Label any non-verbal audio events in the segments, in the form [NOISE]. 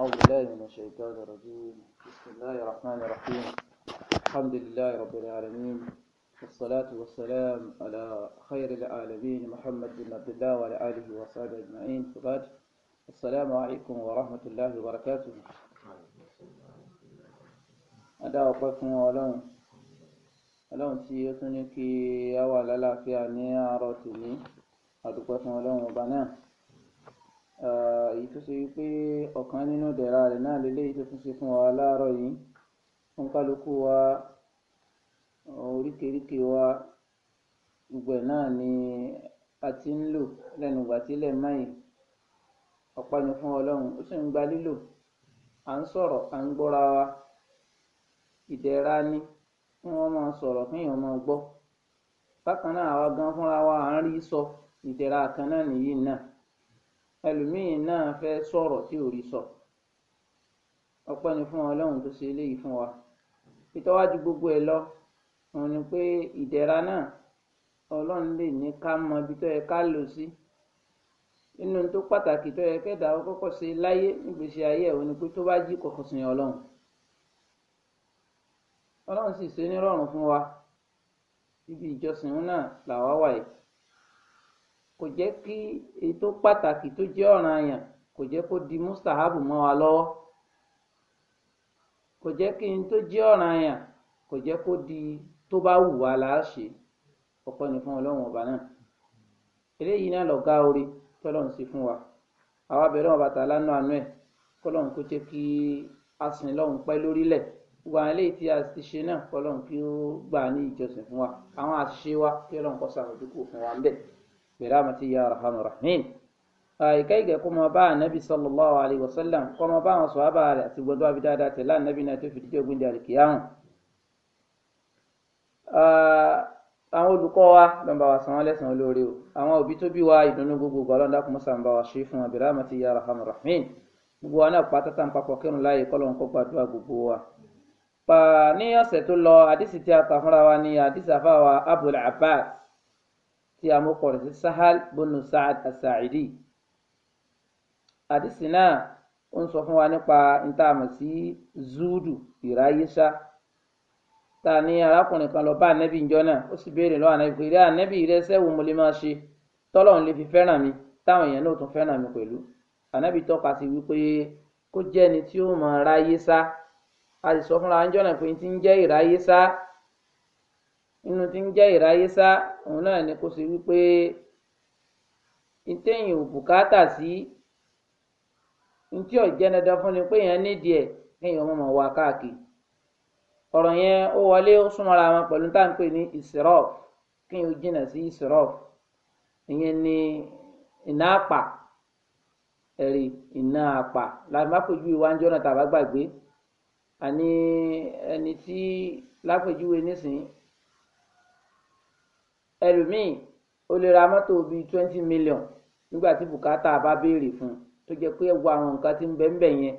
أعوذ بالله من الشيطان الرجيم بسم الله الرحمن الرحيم الحمد لله رب العالمين والصلاة والسلام على خير العالمين محمد بن عبد الله وعلى آله وصحبه أجمعين وبعد السلام عليكم ورحمة الله وبركاته أدعى وقفنا ولون ولون سيئتني كي أولا لا في أني لي أدعى وقفنا ولون وبنان èyí tó ṣe pé ọ̀kan nínú ìdẹ̀ra rẹ̀ náà lélẹ́yìí tó tún ṣe fún wa láàárọ̀ yìí fún kálukú wa oríkèéríkèé wa gbogbo náà ni a ti ń lò lẹ́nu ìgbà tí ilẹ̀ máyì ọ̀pá ni fún ọlọ́run ó sì ń gba lílò à ń sọ̀rọ̀ à ń gbọ́ra wa ìdẹ̀ra ni kí wọ́n máa sọ̀rọ̀ kí èèyàn máa gbọ́ bákan náà àwa gan fúnra wa à ń rí sọ ìdẹ̀ra kan náà nìyí náà ẹlòmíín náà fẹ́ sọrọ tí ò rí sọ ọpẹ́ ni fún Ọlọ́run tó ṣe eléyìí fún wa ìtọ́wájú gbogbo ẹ̀ lọ òun ni pé ìdẹ̀ra náà Ọlọ́run lè ní ká mọ ibi tó yẹ ká lò sí nínú tó pàtàkì tó yẹ kẹ́dà ó kọ́kọ́ ṣe láyé nígbèsè ayé ẹ̀ òun ni pé tó bá jí kọ́kọ́ sìn Ọlọ́run Ọlọ́run sì ṣe nírọ̀rùn fún wa ibi ìjọsìn náà làwa wà yìí kò jẹ kí èyí tó pàtàkì tó jẹ ọranyàn kò jẹ kó di mustahabu mọ wa lọ́wọ́ kò jẹ kí n tó jẹ ọranyàn kò jẹ kó di tó bá wù wá láàṣẹ ọpẹ́ ni fún Ọlọ́run ọba náà eléyìí náà lọgá orí tọlọ́run sí fún wa àwa bẹ̀rẹ̀ wọn bàtà lánàá àánú ẹ kọlọ́run kó jẹ kí a sìn lọ́run pẹ́ lórílẹ̀ gbogbo àwọn eléyìí tí a ti ṣe náà kọlọ́run kí ó gbà ní ìjọsìn fún wa àwọn àṣìṣe wa kí Ọlọ́run kó ṣàmójúkò fún wa ń bẹ. برامتي يا أرحم الراحمين ìkẹ́yìgẹ́ كي يقوم bá النبي صلى الله عليه وسلم kó máa bá àwọn sọ̀hábà rẹ̀ àti gbogbo àbí dáadáa tẹ̀lé ànábì náà tó fi díjọ́ gbé àlùkìyàmù. àwọn olùkọ́ wa ló ń bá wa san wọ́n lẹ́san olóore o àwọn òbí tó bí wa ìdùnnú gbogbo ọ̀gá ọlọ́dà kò mọ̀sán bá wa ṣe fún abirá àmàtí ya rahman rahim gbogbo wa náà pátá tá papọ̀ kírun láàyè kọ́ lóun kó gbàdúrà gbogbo wa. ní ọ̀sẹ̀ tó lọ àdìsí tí a kà fúnra wa ní àdìsí àfáwa Abdul Abbas tí a mú kọrin sí sahal bonu saad asaidi àdìsí náà ń sọ fún wa nípa ntaàmù sí zuudu ìráyésá ta ni arákùnrin kan lọ bá ànábì ńjọ́ náà ó sì béèrè lọ́wọ́ ànábì pé ìrẹ́ ànábì ìrẹ́ sẹ́wọ̀n mo lè máa ṣe tọ́lọ́run lè fi fẹ́ràn mi táwọn èèyàn náà tún fẹ́ràn mi pẹ̀lú ànábì tọ́ka sí wípé kó jẹ́ ẹni tí ó máa ráyé a sì sọ fúnra ńjọ́ náà pé ti ń jẹ́ ìráyé nínú tí ń jẹ ìráyé sá òun náà ni kó ṣe wípé ntẹ̀yìn ò bùkátà sí ntí ọ̀jẹ́ dandan fún ni pé èèyàn nídìí ẹ̀ kéèyàn mọ̀ wá káàkiri ọ̀rọ̀ yẹn ó wọlé ó súnmọ́ra wọn pẹ̀lú táǹpẹ̀ ní ìsirọ́f kéèyàn ó jìnnà sí ìsirọ́f ìyẹn ni iná àpà ẹ̀rí iná àpà lápèjú iwájú ọ̀nà tàbá gbàgbé àní ẹni tí lápèjúwe nísìnyí ẹlòmíín ó lè ra mọ́tò bíi twenty million nígbà tí bùkátà bá béèrè fún un tó jẹ́ pé ẹwọ àwọn nǹkan tí ń bẹ ń bẹ yẹn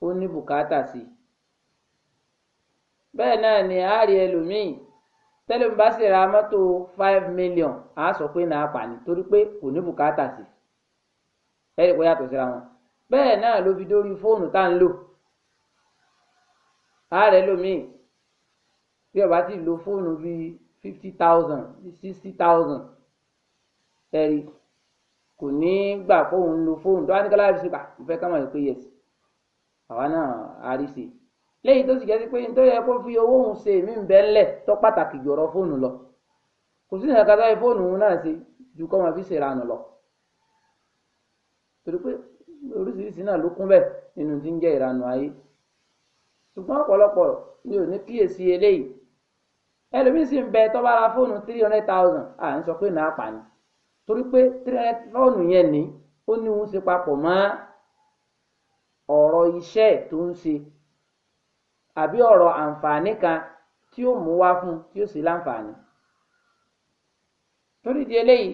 ó ní bùkátà sí i bẹ́ẹ̀ náà ni a ẹlòmíín tẹ́lẹ̀mú bá sì ra mọ́tò five million a sọ pé náà pa ni torí pé kò ní bùkátà sí i ẹ̀rì kò yàtọ̀ síra wọn bẹ́ẹ̀ náà ló fi dórí fóònù tá ń lò a rẹ̀ bí ọba ti lo fóònù bíi fifty thousand sixty thousand ẹ̀rí kò ní gbà fóun lo fóun tó wá ní kálá àrísí gbà mo fẹ́ ká mọ̀ pé yẹsì àwa náà àrísí léyìí tó sì jẹ́ sí pé nítorí ẹ kó fi owó òun ṣe èmi ń bẹ́ ńlẹ̀ tó pàtàkì jọ̀rọ̀ fóònù lọ kò sí ìrìnàkà táyé fóònù òun náà ṣe ju kọ́ máa fi ṣèranù lọ torí pé oríṣiríṣi náà ló kún bẹ́ẹ̀ nínú tí ń jẹ́ ìranù ayé ṣùgbọ́n ọ̀pọ̀lọpọ̀ mi ò ní kíyèsí eléyìí ẹlòmíín sì ń bẹ tó bá ra fóònù three hundred thousand à ń sọ pé náà pa ni torí pé three hundred fóònù yẹn ní ó ní òun ṣe papọ̀ mọ́ ọ̀rọ̀ iṣẹ́ tó ń ṣe àbí ọ̀rọ̀ àǹfààní kan tí ó mú wá fún tí ó sì láǹfààní torí di eléyìí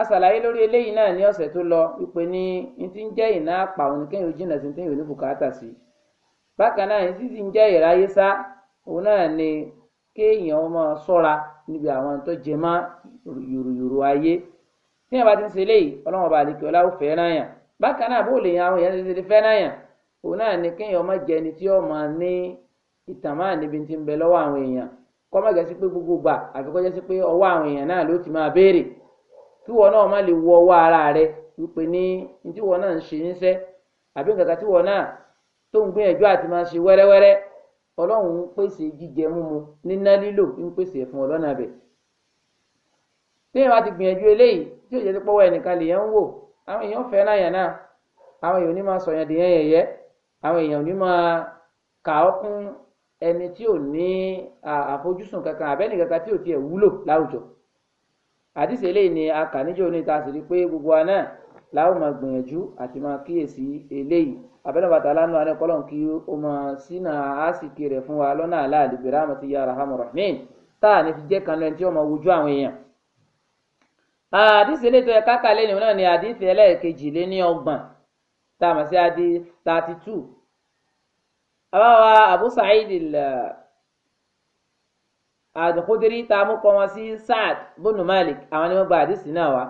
aṣàlàyé lórí eléyìí náà ní ọ̀sẹ̀ tó lọ wípé ní n ti ń jẹ́ ìná àpà òun kéèyàn jìnnà sí téèyàn ní bùkátà sí bákan náà n ti ń jẹ́ ìráyé sá òun náà ni kéèyàn máa ṣọ́ra níbi àwọn tó jẹ mọ́ yòròyòrò ayé tí yàrá ti ń ṣe eléyìí ọlọ́run ọba àdìkẹ́ ọlá ò fẹ́ràn yàn bákan náà bó lè yan àwọn èèyàn tètè fẹ́ràn yàn òun náà ni kéèyàn má jẹ ẹni tí ó máa ní ìtàn máa níbi tí ń bẹ lọ́wọ́ àwọn èèyàn kọ́ má jẹ́ sí pé gbogbo gbà àfi kọ́ jẹ́ sí pé ọwọ́ àwọn èèyàn náà ló ti máa béèrè kí wọn náà má lè wọ ọwọ́ ara rẹ wípé ní tí wọn náà ń ṣe níṣẹ́ àbí nǹkan kan tí wọn náà tó ń gbìyànjú àti máa ṣe wẹ́rẹ́wẹ́rẹ́ ọlọ́run ń pèsè jíjẹ múmu níná lílò ń pèsè ẹ̀ fún ọ lọ́nà abẹ. bí èèyàn bá ti gbìyànjú eléyìí tí òjò ti pọ́wọ́ ẹnìkan lèèyàn ń wò àwọn èèyàn fẹ́ láyàn náà àwọn èèyàn ò ní máa sọ̀yàn dèèyàn yẹ̀yẹ́ àwọn èèyàn ò ní máa kà ọ́ kún ẹni tí ò ní àfojúsùn kankan àbẹ́ni kankan tí ò tiẹ̀ wúlò láwùjọ àdìsí eléyìí ni a kà níjọ́ ní ta sì rí pé gbogbo wa náà la gbìyànjú àti máa kíyèsí eléyìí abẹ́rẹ́ bàtà lánàá ni kọ́lọ́n kí o mọ̀ sínú àásìkè rẹ̀ fún wa lọ́nà aláàlú bẹ̀rẹ̀ àmọ́ ti yára hàmù rahmin tá a ní fi jẹ́ kan lẹ́ni tí wọ́n mọ wojú àwọn èèyàn. àdìsí elétò ẹ̀ka kalẹ̀ nìyẹn náà ni àdìsí ẹlẹ́ẹ̀kejì lé ní ọgbọ̀n tá a mọ̀ sí adi thirty two. àbáwa Abu Sa'id al tá a mú kọ́ wọn sí Sa'ad bónú Malik àwọn ni wọ́n gba àdìsí náà wá.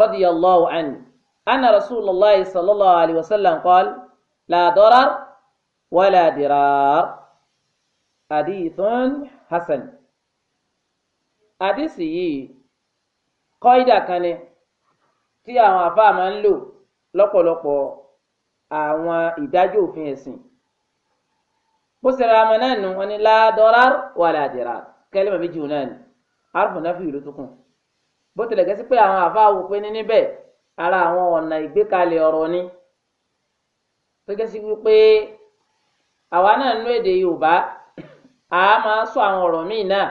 radiyallahu anhu anna rasulillah sallallahu alayhi wa sallam qala la darar wala dirar hadithun hasan hadisi yìí kọ́ídà kan ni tí àwọn àfáà máa ń lò lọ́pọ̀lọpọ̀ àwọn ìdájọ́ òfin ẹ̀sìn bó ṣe ra ọmọ náà nù wọn ni la darar wala dirar kẹ́lẹ́mọ̀ méjì wọn náà ni àrùn náà fi ìlú tó kù bó tilẹ̀ gẹ́sí pé àwọn àfáà wò pé ní níbẹ̀ ara àwọn ọ̀nà ìgbékalẹ̀ ọ̀rọ̀ ni tó jẹ́ sí wípé àwa náà nínú èdè Yorùbá a máa sọ àwọn ọ̀rọ̀ míì náà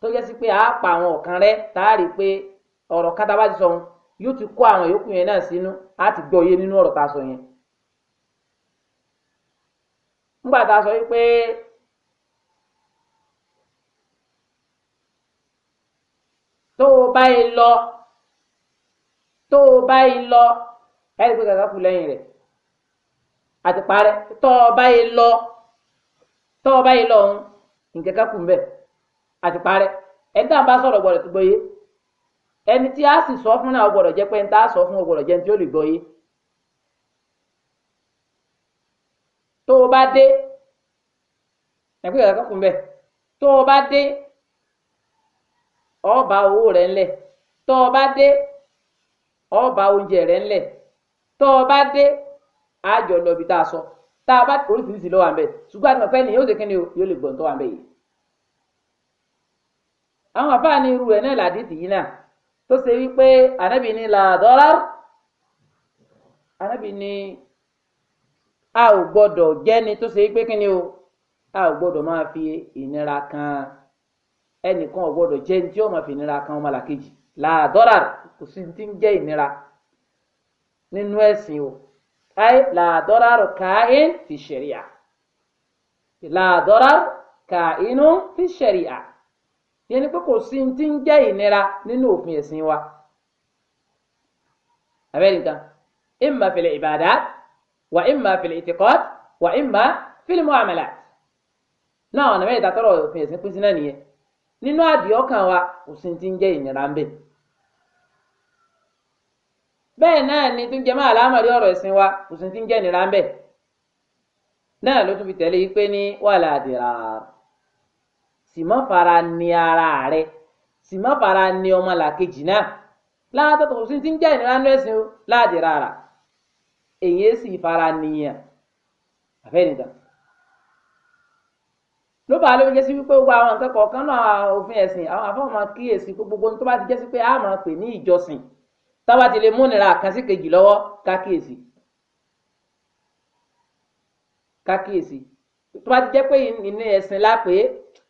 tó jẹ́ sí pé a pa àwọn ọ̀kan rẹ tá a rí i pé ọ̀rọ̀ ti sọ yóò ti kó àwọn yòókù ti gbọ́ iye nínú ọ̀rọ̀ tá sọ yẹn. tó o báyìí lọ ẹni pé kàkà kù lẹ́yìn rẹ̀ àti parẹ́ tó o báyìí lọ tó o báyìí lọ ọ̀hún nǹkan kàkù ń bẹ̀ àti parẹ́ ẹni tá à ń bá sọ̀rọ̀ gbọ́dọ̀ tó gbọ́ yé ẹni tí a sì sọ fún náà ó gbọ́dọ̀ jẹ́ pé ẹni tá a sọ fún ó gbọ́dọ̀ jẹ́ ẹni tí ó lè gbọ́ yé tó o bá dé ẹni pé kàkà kàkù ń bẹ̀ tó o bá dé ọba owó rẹ̀ ńlẹ̀ tó o bá dé ọ oúnjẹ rẹ ńlẹ̀ tó o bá dé àjọ lọ ibi tá a sọ tá a bá oríṣiríṣi lọ wà ń bẹ ṣùgbọ́n àti ọ̀pẹ́ ni yóò ṣe kí ni o yóò lè gbọ̀n tó wà ń bẹ yìí. àwọn àbá ni irú ẹ̀ náà làdìtì yìí náà tó ṣe wípé ànábì ni làdọ́rà ànábì ni a ò gbọdọ̀ jẹ́ni tó ṣe wípé kí ni o a ò gbọdọ̀ máa fi ìnira kan ẹnìkan ò gbọdọ̀ jẹ́ni tí ó máa fi ìnira kan ọmọlàkejì làdọ́là kò sí ti ń jẹ́ ìnira nínú ẹ̀sìn o ayé làdọ́là káyín fi ṣẹ̀ríà làdọ́là káyínú fi ṣẹ̀ríà yẹn ni pé kò sí ti ń jẹ́ ìnira nínú òfin ẹ̀sìn wa abẹ́nìkan imma fil ibadat wa imma fil itiqad wa imma fil muamalat náà ọ̀nà mẹ́ta tọrọ òfin ẹ̀sìn pín sí náà nìyẹn nínú àdìọ́kàn wa kò sí ti ń jẹ́ ìnira ń bẹ. bẹ́ẹ̀ náà ni tó ń jẹ máa lámọ̀rí ọ̀rọ̀ ẹ̀sìn wa kò sí ti ń jẹ́ ìnira ń bẹ. náà ló tún fi tẹ̀lé yìí pé ní wàhálà àdìrà sì fara ni ara rẹ sì má fara ni ọmọ làkejì náà láàtọ̀tọ̀ kò sí ti ń jẹ́ ìnira ń ẹ̀sìn o láàdìrà rà èyí sì fara nìyàn àfẹ́ nìkan ló bá ló jẹ́ sí wípé gbogbo àwọn nǹkan kọ̀ọ̀kan náà òfin ẹ̀sìn àwọn àfọwọ́n máa kíyèsí gbogbo tó bá ti jẹ́ pé a máa pè ní ìjọsìn táwa ti lè múnira àkànṣe kejì lọ́wọ́ kákíyèsí kákíyèsí tó bá ti jẹ́ pé ìní ẹ̀sìn la pé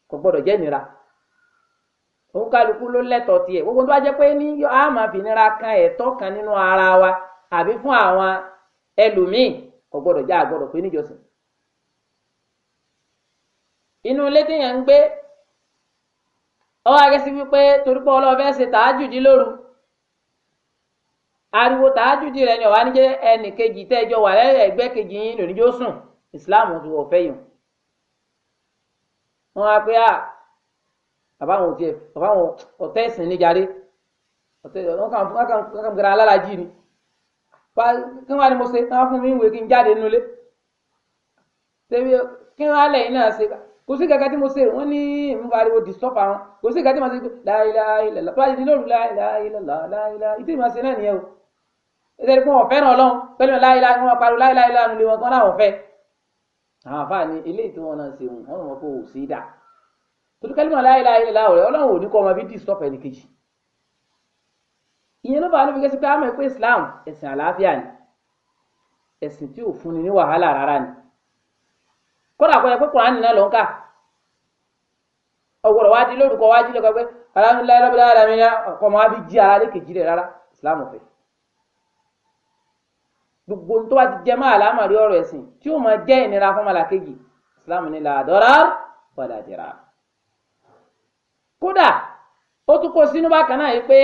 kò gbọ́dọ̀ jẹ́ nira òun kálukú ló lẹ́tọ̀ọ́ tiẹ̀ gbogbo tó bá jẹ́ pé ní a máa fi nira kan ẹ̀tọ́ kan nínú ara wa àbí fún àwọn ẹlòmíì kò gbọ́dọ̀ já àgbọ́dọ̀ pé níjọsìn inú ilé téèyàn ń gbé ọwọ́ agẹ́sí wípé torí pé ọlọ́ọ̀ fẹ́ẹ́ ṣe tàájùdí lóru ariwo tàájùdí rẹ ni ọ̀wá níjẹ́ ẹnì kejì tẹ́jọ wà lẹ́gbẹ́ kejì yín lóníjó sùn ìsìláàmù ti wọ̀ fẹ́ yàn wọn á pé à bàbá àwọn òtí ẹ bàbá ọ̀tẹ́ ìsìn níjàre ọ̀tẹ́ wọn kàn wọn alálàájì ni kí wọn á ní mo ṣe kí wọn fún mi ìwé kí n jáde nulẹ̀ kí wọn á lẹ́yìn náà ṣe kò sí gàgà tí mo ṣe wọn ní nbariwo disturb àwọn kò sí gàgà tí mo ṣe láìláìlá tó bá di lóru láìláìlá láìlá ìtì ìmọ̀ ṣe náà nìyẹn o ìtẹ́ni fún ọ̀fẹ́ náà lọ́hùn pẹ̀lú láìlá wọn pariwo láìláìlá nílé wọn kán láwọn fẹ́ àwọn àfáà ni eléyìí tí wọn náà ṣe wọn wọn kò sí dà torí kálímọ̀ láìláìlá ọ̀rẹ́ ọlọ́run ò ní kọ́ ọmọ bí disturb ẹnì kejì Islam ẹ̀sìn àlàáfíà ni ẹ̀sìn tí ò fúnni kódà kọ́ ẹ pé kùránì náà ló ń kà ọ̀gbọ̀dọ̀ wá di lórúkọ wá jí lọ́kọ̀ pé alhamdulilayi lọ́bìlá alamina ọkọ̀ máa fi jí ara lékejì rẹ̀ rárá ìsìlámù fẹ́ gbogbo tó bá ti jẹ máa láàmà rí ọ̀rọ̀ ẹ̀sìn tí ó máa jẹ́ ìnira fún malakeji ìsìlámù ní làdọ́rà wàlà jẹ̀rà kódà ó tún kó sínú bákan náà yìí pé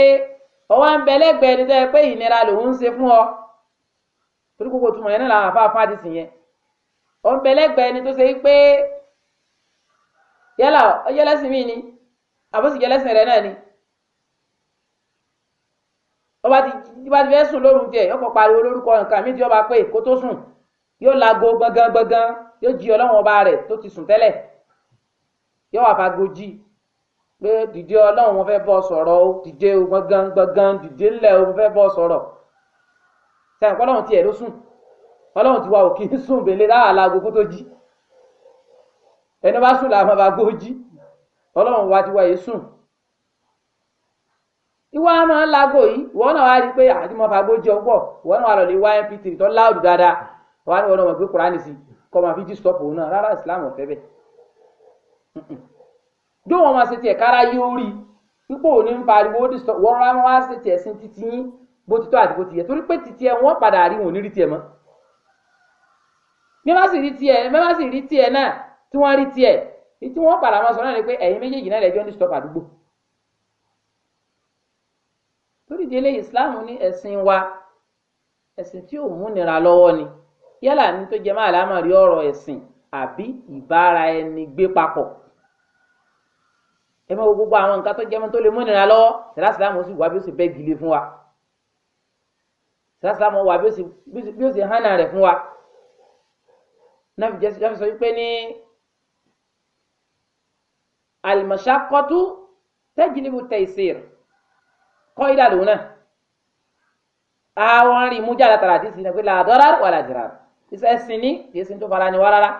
ọwọ́ ń bẹ lẹ́gbẹ̀ẹ́ ẹni tó yẹ pé ìnira lòun ń ṣe fún ọ torí kókó túmọ̀ yẹn náà làwọn àfáàfáà ti sìn yẹn ọ̀nbẹ̀lẹ́gbẹ̀ ẹni tó ṣe é pé yálà ọjọ́lẹ́sìn mi ni àbọ̀sìjọ́lẹ́sìn rẹ̀ náà ni ọba ti bá ti fẹ́ sùn lóru tiẹ̀ yóò kọ́ pariwo lórúkọ nǹkan mi tí ọba pé kó tó sùn yóò lago gbọ̀ngàn gbọ̀ngàn yóò jí ọlọ́run ọba rẹ̀ tó ti sùn tẹ́lẹ̀ yóò wà fagojì pé dìde ọlọ́run wọn fẹ́ bọ́ sọ̀rọ̀ o dìde o gbọ̀ngàn gbọ̀ngàn dìde ńlẹ̀ o fẹ́ bọ́ sọ̀rọ̀ sẹ́yìn pọ́lọ́run tiẹ̀ ló sùn ọlọ́run ti wá òkè ń sùn bèlè láà láago kó tó jí ẹni bá sùn làwọn bá gbójí ọlọ́run wá ti wá yìí sùn ìwọ á máa ń laago yìí ìwọ náà wá rí i pé àti mo fa gbójú ọgbọ ìwọ náà wà lọ lè wá mp3 tó láàdù dáadáa wà ní ọlọ́run pé kúránì sí kọ́ máa fi jí stop òun náà rárá islam ọ̀fẹ́ bẹ́ẹ̀ dó wọn máa ṣe tiẹ̀ kára yé orí pípò òní ń pariwo ó dìstọ wọn rárá wọn á ṣe tiẹ̀ sí títí yín bó ti tọ́ àti bó ti yẹ torí pé títí ẹ wọn padà rí wọn ò ní rí tiẹ̀ mọ́ bí wọ́n sì rí tiẹ̀ bí wọ́n sì rí tiẹ̀ náà tí wọ́n rí tiẹ̀ tí wọ́n padà máa sọ náà ni pé ẹ̀yin méjèèjì náà lẹ́jọ́ ní stop àdúgbò torí délé Islam ní ẹ̀sìn wa ẹ̀sìn tí ò múnira lọ́wọ́ ni yálà ní tó jẹ máa lámà rí ọ̀rọ̀ ẹ̀sìn àbí ìbára ẹni gbé papọ̀ ẹ mọ gbogbo àwọn nǹkan tó jẹ mọ́ tó lè múnira lọ́wọ́ sẹlá sẹlámù sì wá bí ó sì bẹ gilé fún wa sẹlá sẹlámù wá bí ó sì hánà rẹ fún wa náà fi jẹ́sí jáfi sọ wípé ní al-mashaqqatu tajlibu at-taysir kọ́ ìdá lòun náà àwọn arìnrìn mú jáde tàrà àdìsí náà pé la darar wala dirar iṣẹ́ sin ní kì í sin tó fara ni wá rárá.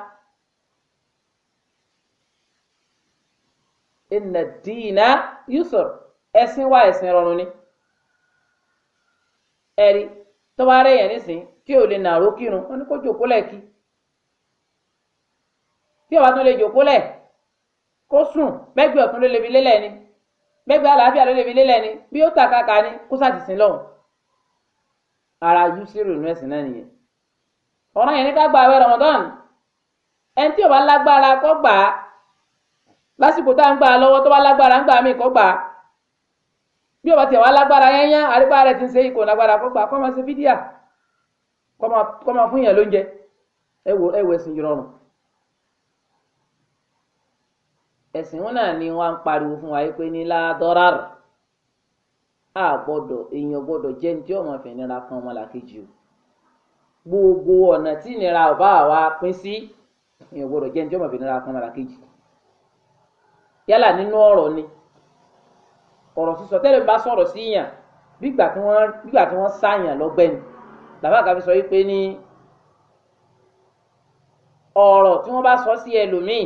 inna diina yusr ẹ̀sìn wá ẹ̀sìn rọrùn ni ẹ̀rí tó yẹn nísìnyí kí o lè nàró kírun wọn ni kó jòkó lẹ́ẹ̀kí tí ọba tó lè jòkó lẹ̀ kó sùn mẹ́gbẹ́ ọ̀tún ló lè fi lélẹ̀ ni mẹ́gbẹ́ àlàáfíà ló lè fi lélẹ̀ ni bí ó tàkàkà ni kó sàtìsín lọ ara yusuf nù ẹ̀sìn náà nìyẹn ọ̀ràn yẹn ní ká gba àwẹ̀ Ramadan ẹni tí lágbára kọ́ gbà á lásìkò tá à á lọ́wọ́ tó bá lágbára ń gbà mí kọ́ gbà á bí tiẹ̀ wá lágbára lágbára gbà á máa ṣe fídíà máa fún yẹn lóúnjẹ ẹ ẹ ẹ̀sìn wọn náà ni wọn ń pariwo fún wa pé ní ládọ́ràrà a gbọ́dọ̀ èèyàn gbọ́dọ̀ jẹ́ ní tí ọmọ fẹ́ nira kan ọmọlàkejì o gbogbo ọ̀nà tí ìnira ọba àwa pín sí èèyàn gbọ́dọ̀ jẹ́ ní tí ọmọ fẹ́ nira kan ọmọlàkejì yálà nínú ọ̀rọ̀ ni ọ̀rọ̀ sísọ tẹ́lẹ̀ bá sọ̀rọ̀ sí yàn bígbà tí wọ́n bígbà tí wọ́n sáyàn lọ́gbẹ́ni bàbá àgbà fi sọ wípé ní ọ̀rọ̀ tí wọ́n bá sọ sí ẹlòmíì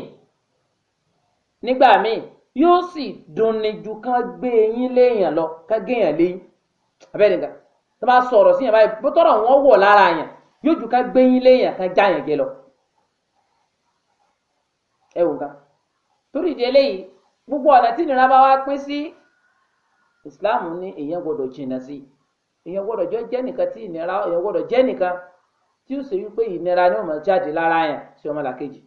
nígbà míì yóò sì dunni ju kán gbé eyín léèyàn lọ kán géèyàn léyìn abẹ́rẹ́ nǹkan tó bá sọ ọ̀rọ̀ sí yàn báyìí bó tọrọ wọn wọ̀ lára yàn yóò ju kán gbé eyín léèyàn kán já yàn gé lọ ẹ wò nǹkan torí ìdí eléyìí gbogbo ọ̀nà tí ìnira bá wá pín sí Islam ní èèyàn gbọdọ̀ jìnnà sí èèyàn gbọdọ̀ jẹ́ nìkan tí ìnira èèyàn gbọdọ̀ jẹ́ nìkan tí ó sì wípé ìnira ni ó máa jáde lára yàn sí ọmọlàkejì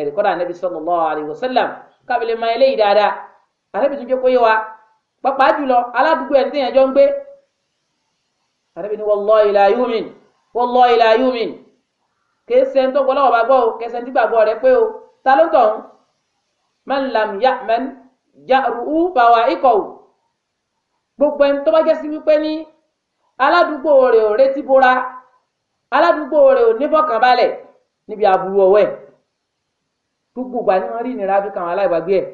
ẹ̀rí kọ́dà anabi sallallahu alayhi wa sallam kábílẹ̀ máa eléyìí dáadáa anabi tún jẹ́ kó yé wa pàápàá jùlọ aládùúgbò ẹni tẹ̀yàn jọ ń gbé anabi ni wallahi la yu'min wallahi la yu'min kèsè ń tọ́gbọ́ lọ́wọ́ bá gbọ́ o kèsè ń tí gbàgbọ́ rẹ pé o ta ló tọ̀ ń man lam ya'man ja'ruhu bawa'iqahu gbogbo ẹni tó bá jẹ́ sí wípé ní aládùúgbò rẹ̀ ò retí bora aládùúgbò rẹ̀ ò nífọ̀kànbalẹ̀ níbi àbúrò ọ̀wẹ́ gbogbo ìgbà ni wọ́n rí ìnira fi kan àwọn aláìgbàgbé ẹ̀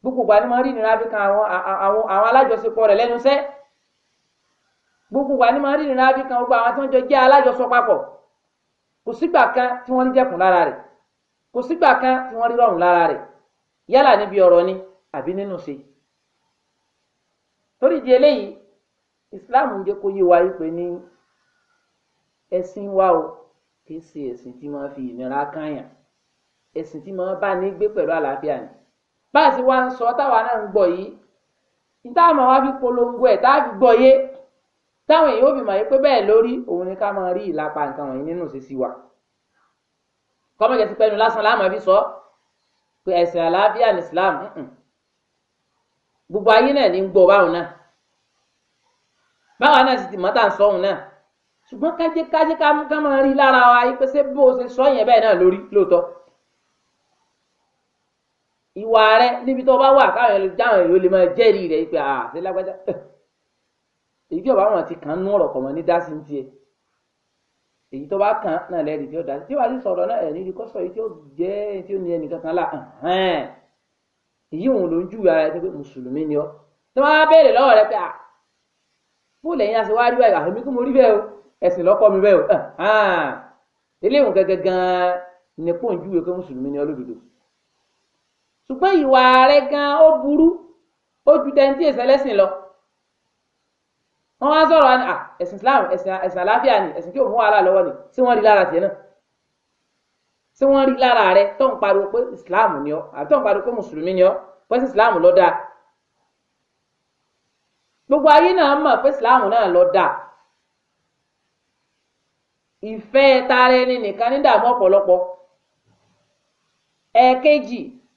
gbogbo ìgbà ni wọ́n rí ìnira fi kan àwọn àwọn àwọn alájọṣepọ̀ rẹ̀ lẹ́nu iṣẹ́ gbogbo ìgbà ni wọ́n rí ìnira fi kan gbogbo àwọn tí wọ́n jọ jẹ́ alájọṣọ papọ̀ kò sígbà kan tí wọ́n rí jẹ̀kùn lára rẹ̀ kò sígbà kan tí wọ́n rí rọrùn lára rẹ̀ yálà níbi ọ̀rọ̀ ni àbí nínú ṣe torí di eléyìí Islam ń jẹ́ kó yé wa wípé ní ẹ̀sìn wa o kì í ṣe ẹ̀sìn tí wọ́n fi ìnira kányàn ẹ̀sìn tí màá bá ní gbé pẹ̀lú àlàáfíà ni bá a sì wá ń sọ táwa náà ń gbọ́ yìí níta àmọ́ wá fi polongo ẹ̀ tá a fi gbọ́ yé táwọn èèyàn ò fi mọ̀ yé pé bẹ́ẹ̀ lórí òun ni ká máa rí ìlapa nǹkan wọ̀nyí nínú sísí wa kọ́mọ̀jẹ̀ ti pẹ́nu lásán láàmú fi sọ pé ẹ̀sìn àlàáfíà ní Islam gbogbo ayé náà ní ń gbọ́ báwọn náà báwa náà sì ti mọ́tà ń sọ́hun náà ṣùgbọ́n kájékájé ká máa rí lára wa yìí pé ṣé bó o ṣe sọ yẹn bẹ́ẹ̀ náà lórí lóòótọ́ ìwà rẹ níbi tó bá wà káwọn ẹlẹ jáwọn èèyàn lè máa jẹ́rìí rẹ pé àà ah, ṣe lágbájá [LAUGHS] èyí tí ọba wọn ti kàn ń nú ọ̀rọ̀ kọmọ ní dásí ń tiẹ̀ èyí tó bá kàn náà lẹ́rìí tí ó dásí tí wàá sì sọ̀rọ̀ náà ẹ̀rí ni kò sọ èyí tí ó jẹ́ èyí tí ó ní ẹnìkan kan là hàn èyí òun ló ń jù ara ẹni pé mùsùlùmí ni ọ tí wọn bá béèrè lọ́wọ́ rẹ pé à ah, bó lẹ́yìn àṣewá rí báyìí àfẹmí kí mo rí bẹ́ẹ̀ o ẹ̀sìn lọkọ mi bẹ́ẹ̀ o eléwọn gẹ́gẹ́ gan-an nípò ń pé mùsùlùmí ni ọ lódodo ṣùgbọ́n ìwà rẹ gan ó burú ó ju tẹntí ìṣẹlẹsìn lọ wọn wá sọ̀rọ̀ ni ẹ̀sìn islam ẹ̀sìn àlàáfíà ni ẹ̀sìn tí ò mú lọ́wọ́ ni tí wọ́n rí lára tiẹ̀ náà tí wọ́n rí lára rẹ tó ń pariwo pé islam ni ọ àbí tó ń pariwo pé mùsùlùmí ni si pé islam ló dáa gbogbo ayé náà mọ̀ pé islam náà dáa ìfẹ́ tara ẹni nìkan ní ọ̀pọ̀lọpọ̀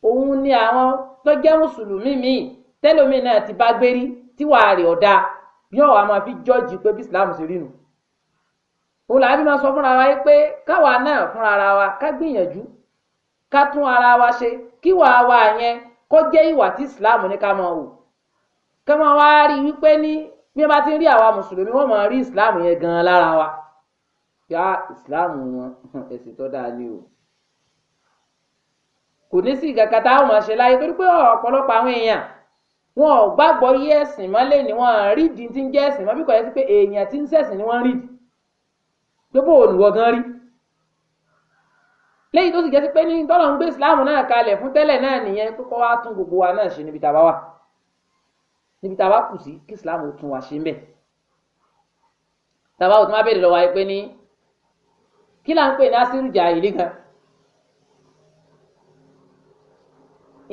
òun ni àwọn lọ́jẹ́ mùsùlùmí míì tẹ́lómi náà ti bá gbérí tí wàá rè ọ̀dà yóò wá máa fi jọ́ọ̀jì pé bí islam ṣe rí nù òun làá bí máa sọ fúnra wa pé káwa náà fúnra ara wa ká gbìyànjú ká tún ara wa ṣe kíwà wa yẹn kó jẹ́ ìwà tí islam ní ká máa wò ká máa wá rí wípé ní bí wọ́n bá ti rí àwa mùsùlùmí wọ́n máa rí islam yẹn gan-an lára wa yá islam wọn ẹ̀sìn tó dáa ni o kò ní sí ìkàkà táwọn máa ṣe láyé torí pé ọ̀pọ̀lọpọ̀ àwọn èèyàn wọn ò gbàgbọ́ yí ẹ̀sìn mọ́lẹ̀ ni wọ́n rídìí tí ń jẹ́ ẹ̀sìn mọ́ bí kò yẹ sí pé èèyàn tí ń ṣẹ̀sìn ni wọ́n rídìí pé bó o nùwọ̀ gan rí léyìí tó sì jẹ́ sí pé ní tọ́lọ̀ ń gbé ìsìláàmù náà kalẹ̀ fún tẹ́lẹ̀ náà nìyẹn pé kọ́ wá tún gbogbo wa náà ṣe níbi tá a bá wà níbi tá a bá kù sí kí ìsìláàmù tún wá ṣe ń bẹ̀ tá a bá bèrè lọ́wọ́ ayé pé ní kí là ní asírù ìlú gan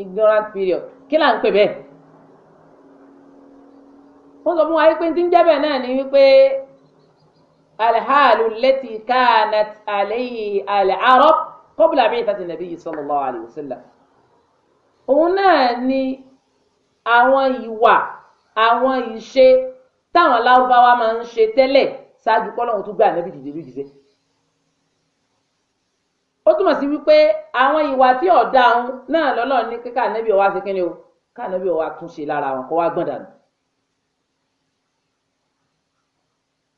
ignorant period kí là ń pè bẹ́ẹ̀ wọ́n sọ fún wa wípé tí ń jẹ́ bẹ́ẹ̀ náà ni wípé alihaalu lẹ́tì kánat àlẹ́yìn alẹ́arọ́ kọ́bùlà bíi tàti nàbí yìí sallallahu alaihi wasallam òun náà ni àwọn ìwà àwọn ìṣe táwọn lárúbáwá máa ń ṣe tẹ́lẹ̀ ṣáájú kọ́lọ́hún tó gbé ànábì dìde lójijì ó túmọ̀ sí wípé àwọn ìwà tí ọ̀dà òun náà lọ́lọ́run ní kíkà nẹ́bí ọwá ṣe kíni o ká nẹ́bí ọwá túnṣe lára wọn kó wá gbọ̀n dànù.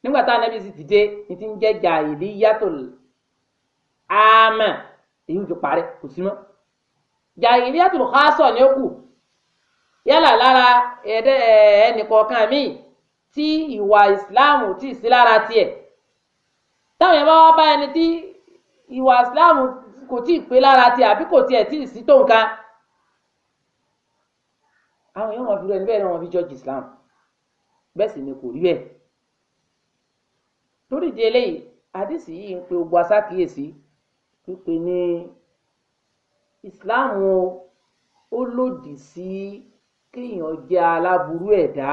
nígbà tá nẹ́bí sì ti dé ní ti ń jẹ́ jà ìlí yàtọ̀ àmà èyí ò ti parẹ́ kò sí mọ́ jà ìlí yàtọ̀ kásọ̀ ni ó kù yálà lára ẹnìkọ̀ọ̀kan míì tí ìwà ìsìláàmù tí ì sí lára tiẹ̀ táwọn yẹn bá wá bá ẹni tí ìwà islam kò tí ì pé lára tiẹ̀ àbí kò tiẹ̀ tí ì sí tó nǹkan àwọn èèyàn wọn fi rẹ níbẹ̀ náà wọn fi jọ́ọ̀jì islam bẹ́ẹ̀ sì ni kò rí bẹ́ẹ̀ torí di eléyìí àdìsí yìí ń pe ogun asákìyèsí pípe ní islam ó lòdì sí kéèyàn jẹ́ aláburú ẹ̀dá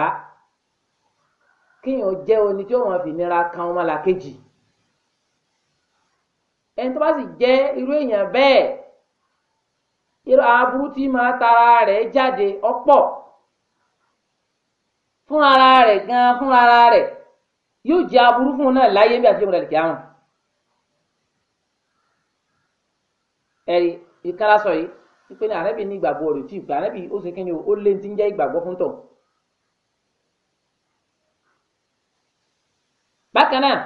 kéèyàn jẹ́ oní tí ó wọn fi nira kan ọmọlàkejì. E ẹni tó bá sì jẹ́ irú èèyàn bẹ́ẹ̀ irú aburú tí máa tara rẹ̀ jáde ọ̀pọ̀ fúnra rẹ̀ gan fúnra rẹ̀ yóò jẹ́ aburú fún un náà láyé bí àti ìmọ̀lẹ̀ kìá hàn. ẹ̀rí ìkànnà sọ yìí wípé ní ànábì ní ìgbàgbọ́ rẹ̀ tí ìgbà ànábì ó ṣe kíni ó lé ní ti ń jẹ́ ìgbàgbọ́ fún tọ̀. bákan náà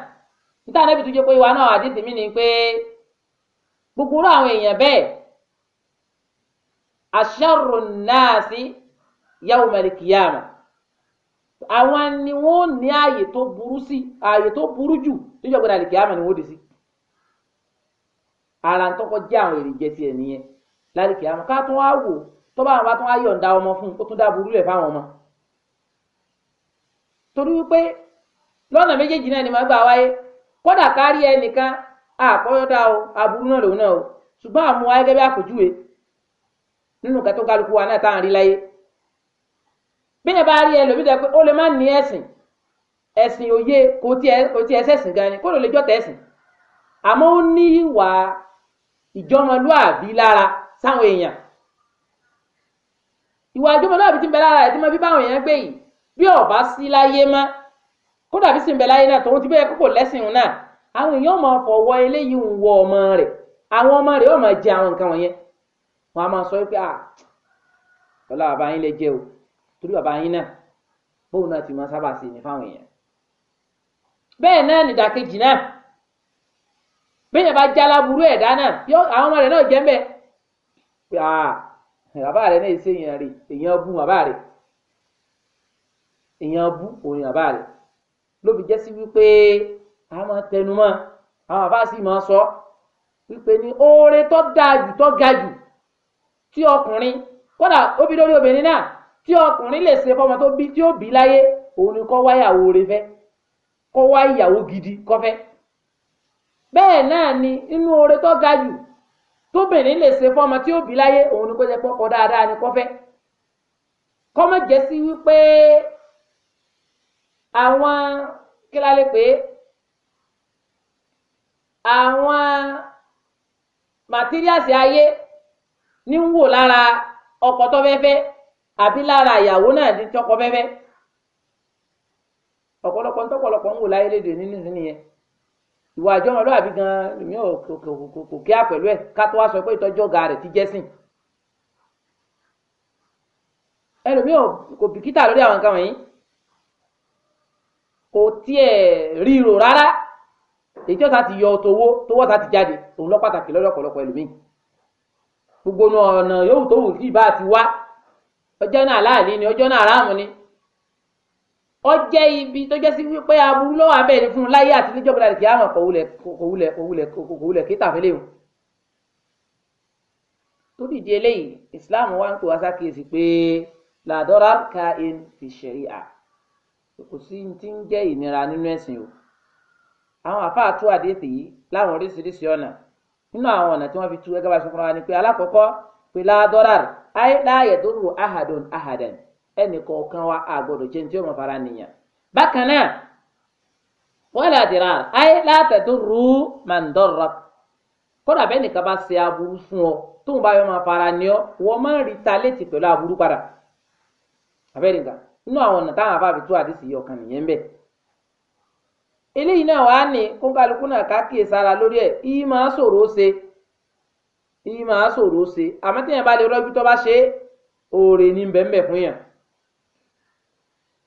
níta níbi tó jẹ́ pé ìwà náà àdìsí mi ni pé gbogbo àwọn èèyàn bẹ́ẹ̀ asharru nnaasi yawmal qiyamah àwọn ni wọ́n ní ààyè tó burú sí ààyè tó burú jù ni wọ́n sí ara ń jẹ́ àwọn èrè jẹ tiẹ̀ nìyẹn lálìkìyàmà ká tún wá wò tó bá wọn bá tún wá yọ̀ǹda ọmọ fún un kó tún dá burú ọmọ torí wípé lọ́nà méjèèjì náà ni màá gbà wáyé kódà kárí ẹnìkan àpọ́yọ́dá o aburú náà lòun náà o ṣùgbọ́n àmú wa gẹ́gẹ́ bí àpèjúwe nínú kẹtó kálukú wa náà táwọn rí láyé bíyẹn bá rí ẹlòmíì dẹ pé ó lè má ní ẹ̀sìn ẹ̀sìn òye kò tiẹ̀ kò tiẹ̀ sẹ̀sìn gan ni kó ló lè jọ́tẹ̀ ẹ̀sìn àmọ́ ó ní ìwà ìjọmọlúàbí lára sáwọn èèyàn ìwà ìjọmọlúàbí ti ń bẹ lára ẹ̀ tí mo fi báwọn èèyàn gbé yìí bí ọba sí láyé mọ́ kódà bí sìn bẹ láyé náà tòun ti bẹ́ẹ̀ kókò lẹ́sìn náà àwọn èèyàn máa fọwọ́ eléyìí ń wọ ọmọ rẹ̀ àwọn ọmọ rẹ̀ yóò máa jẹ àwọn nǹkan wọ̀nyẹn wọn a máa sọ pé ah ọlá bàbá yín lè jẹ o torí bàbá yín náà bóun náà ti máa sábà sí ní fáwọn èèyàn bẹ́ẹ̀ náà nìdàkejì náà bẹ́ẹ̀ bá jálá burú ẹ̀dá náà àwọn ọmọ rẹ̀ náà jẹ́ mbẹ́ pé ah bàbá rẹ̀ náà ṣe èèyàn rè èèyàn bú bàbá rẹ̀ èèyàn bú òun bàbá rẹ̀ ló fi jẹ́ sí wípé a máa tẹnumọ́ àwọn àbá sì máa sọ wípé ní oore tó dáa jù tó ga jù tí ọkùnrin kódà obì lórí obìnrin náà tí ọkùnrin lè ṣe fọmọ tó bí tí ó bí láyé òun ni kó wá ìyàwó rẹ̀ fẹ́ kó wá ìyàwó gidi kó fẹ́ bẹ́ẹ̀ náà ni inú oore tó ga jù tóbìnrin lè ṣe fọmọ tí ó bí láyé òun ni kó jẹ́ pọ́kọ dáadáa ni kó fẹ́ kọ́mọ jẹ́ sí wípé àwọn kí la lè pè é àwọn materials ayé ní ń wò lára ọkọ tó fẹ́ fẹ́ àbí lára ìyàwó náà di tọkọ fẹ́ fẹ́ ọ̀pọ̀lọpọ̀ ń tọ́pọ̀lọpọ̀ ń wò láyé lédè nínú nìyẹn ìwà àjọmọlúwàbí gan lèmi ò kò kíá pẹ̀lú ẹ̀ ká tó wá sọ pé ìtọ́jú ọ̀gá rẹ̀ ti jẹ́sìn ẹlòmíì kò bìkítà lórí àwọn nǹkan wọ̀nyí kò tiẹ̀ ríro rárá èyí tí ọ̀sà ti yọ towó towó ọ̀sà ti jáde òun lọ pàtàkì lọ́dọ̀ ọ̀pọ̀lọpọ̀ ẹlòmíì gbogbo ọ̀nà yòówù tó wù sí ìbá ti wá ọjọ́ náà láàlí ni ọjọ́ náà aráàmù ni ọjẹ́ ibi tó jẹ́ sí wípé aburú lọ́wọ́ abẹ́ ni fún un láyé àti níjọba láti kí á mọ̀ kò wulẹ̀ kí tàfẹ́lẹ́ o tó dìde eléyìí Islam wa ń pè wá sákìyèsí pé làdọ́rà ka in fi ṣẹ̀ríà kò sí ti ń jẹ́ ìnira nínú ẹ̀sìn o àwọn àfáà tú àdéhùn yìí láwọn oríṣiríṣi ọ̀nà nínú àwọn ọ̀nà tí wọ́n fi tú ẹgbẹ́ bá ṣokùnrin wa ni pé alákọ̀ọ́kọ́ pé láàdọ́ràr ayé láàyè tó rò ahadon ahadan ẹnì kọ̀ọ̀kan wa àgbọ̀dọ̀ jẹun tí ó mọ̀ fara nìyàn bákan náà wọ́n àdìrà ayé láàtẹ̀ tó rò màndọ́rọ̀ kódà bẹ́ẹ̀ nìkan bá ṣe aburú fún ọ tóun bá yọ máa fara ní ọ wọ́n máa ń rí ta létí pẹ̀lú aburú padà abẹ́rẹ́ nǹkan nínú àwọn ọ̀nà táwọn afáàfi tú àdìsí yìí ọ̀kan nìyẹn bẹ́ẹ̀ eléyìí náà wàá ní kó kálukú náà ká sára lórí ẹ̀ ìyí máa ṣòro ṣe ìyí máa ṣòro ṣe àmọ́ téèyàn bá lè rọ́jú tó bá ṣe